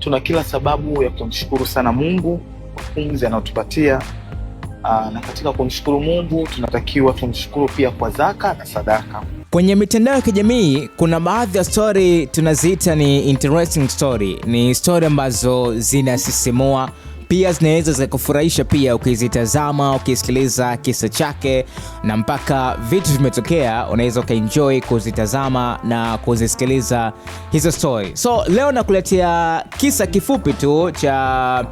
Tuna kila sababu ya kumshukuru sana Mungu kwa pumzi anayotupatia ah, na katika kumshukuru Mungu tunatakiwa tumshukuru pia kwa zaka na sadaka. Kwenye mitandao ya kijamii kuna baadhi ya stori tunaziita ni interesting story, ni stori ambazo zinasisimua pia zinaweza zikakufurahisha pia ukizitazama, ukisikiliza kisa chake na mpaka vitu vimetokea, unaweza ukaenjoy kuzitazama na kuzisikiliza hizo story. So leo nakuletea kisa kifupi tu cha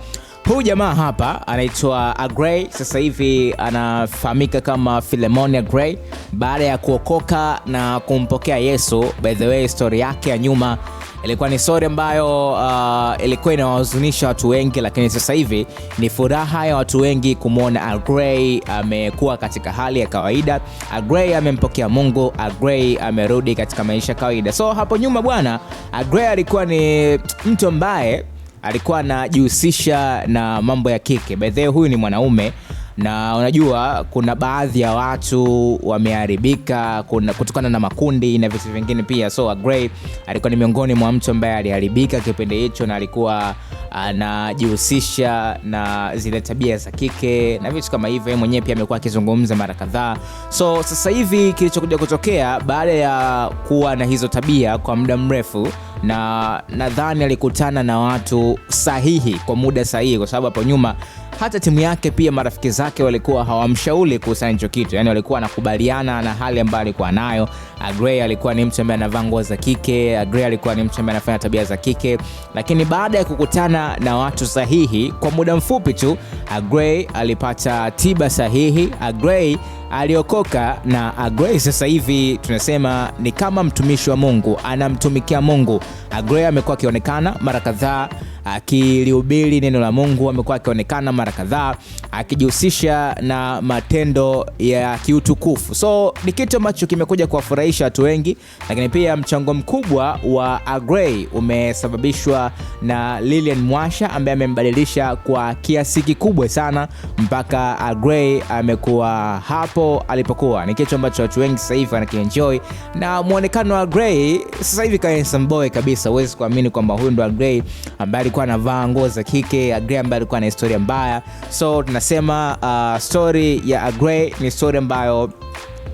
huyu jamaa hapa anaitwa Agrey. Sasa hivi anafahamika kama Philemon Agrey baada ya kuokoka na kumpokea Yesu. By the way, story yake ya nyuma Ilikuwa ni sori ambayo uh, ilikuwa inawahuzunisha watu wengi, lakini sasa hivi ni furaha ya watu wengi kumwona agrey amekuwa katika hali ya kawaida. Earl amempokea Mungu, Earl amerudi katika maisha ya kawaida. So hapo nyuma bwana, agrey alikuwa ni mtu ambaye alikuwa anajihusisha na mambo ya kike. By the way, huyu ni mwanaume na unajua kuna baadhi ya watu wameharibika kutokana na makundi na vitu vingine pia. So Agrey alikuwa ni miongoni mwa mtu ambaye aliharibika kipindi hicho, na alikuwa anajihusisha na zile tabia za kike na vitu kama hivyo. Yeye mwenyewe pia amekuwa akizungumza mara kadhaa. So sasa hivi kilichokuja kutokea baada ya kuwa na hizo tabia kwa muda mrefu na nadhani alikutana na watu sahihi kwa muda sahihi, kwa sababu hapo nyuma hata timu yake pia marafiki zake walikuwa hawamshauri kuhusiana hicho kitu, yani walikuwa wanakubaliana na hali ambayo alikuwa nayo. Agrey alikuwa ni mtu ambaye anavaa nguo za kike, Agrey alikuwa ni mtu ambaye anafanya tabia za kike, lakini baada ya kukutana na watu sahihi kwa muda mfupi tu, Agrey alipata tiba sahihi, Agrey aliokoka na Agrey sasa hivi tunasema ni kama mtumishi wa Mungu, anamtumikia Mungu. Agrey amekuwa akionekana mara kadhaa akilihubiri neno la Mungu. Amekuwa akionekana mara kadhaa akijihusisha na matendo ya kiutukufu, so ni kitu ambacho kimekuja kuwafurahisha watu wengi, lakini pia mchango mkubwa wa Agrey umesababishwa na Lilian Mwasha ambaye amembadilisha kwa kiasi kikubwa sana, mpaka Agrey amekuwa hapo alipokuwa. Ni kitu ambacho watu wengi sasa hivi wanakienjoy, na mwonekano wa Agrey sasa hivi kama boy kabisa. Huwezi kuamini kwamba huyu ndo Agrey ambaye alikuwa anavaa nguo za kike. Agrey ambaye alikuwa na historia mbaya, so tunasema uh, story ya Agrey ni story ambayo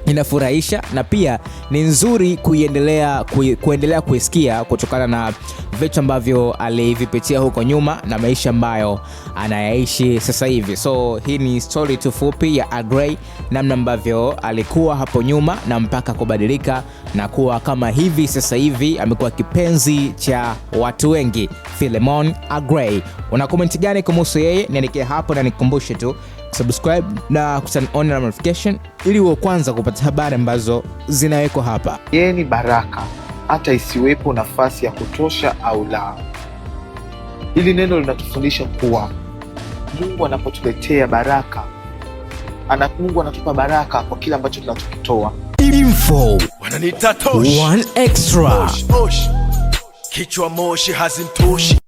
inafurahisha na pia ni nzuri kuiendelea kuendelea kuisikia kutokana na vitu ambavyo alivipitia huko nyuma na maisha ambayo anayaishi sasa hivi. So hii ni story tu fupi ya Agrey, namna ambavyo alikuwa hapo nyuma na mpaka kubadilika na kuwa kama hivi sasa hivi, amekuwa kipenzi cha watu wengi. Philemon Agrey, una comment gani kumuhusu yeye? Niandikia hapo na nikumbushe tu subscribe na kuturn on notification ili uwe kwanza kupata zote habari ambazo zinawekwa hapa. Yeye ni baraka, hata isiwepo nafasi ya kutosha au la. Hili neno linatufundisha kuwa Mungu anapotuletea baraka ana, Mungu anatupa baraka kwa kile ambacho tunachokitoa. Info One extra. Kichwa moshi hazimtoshi.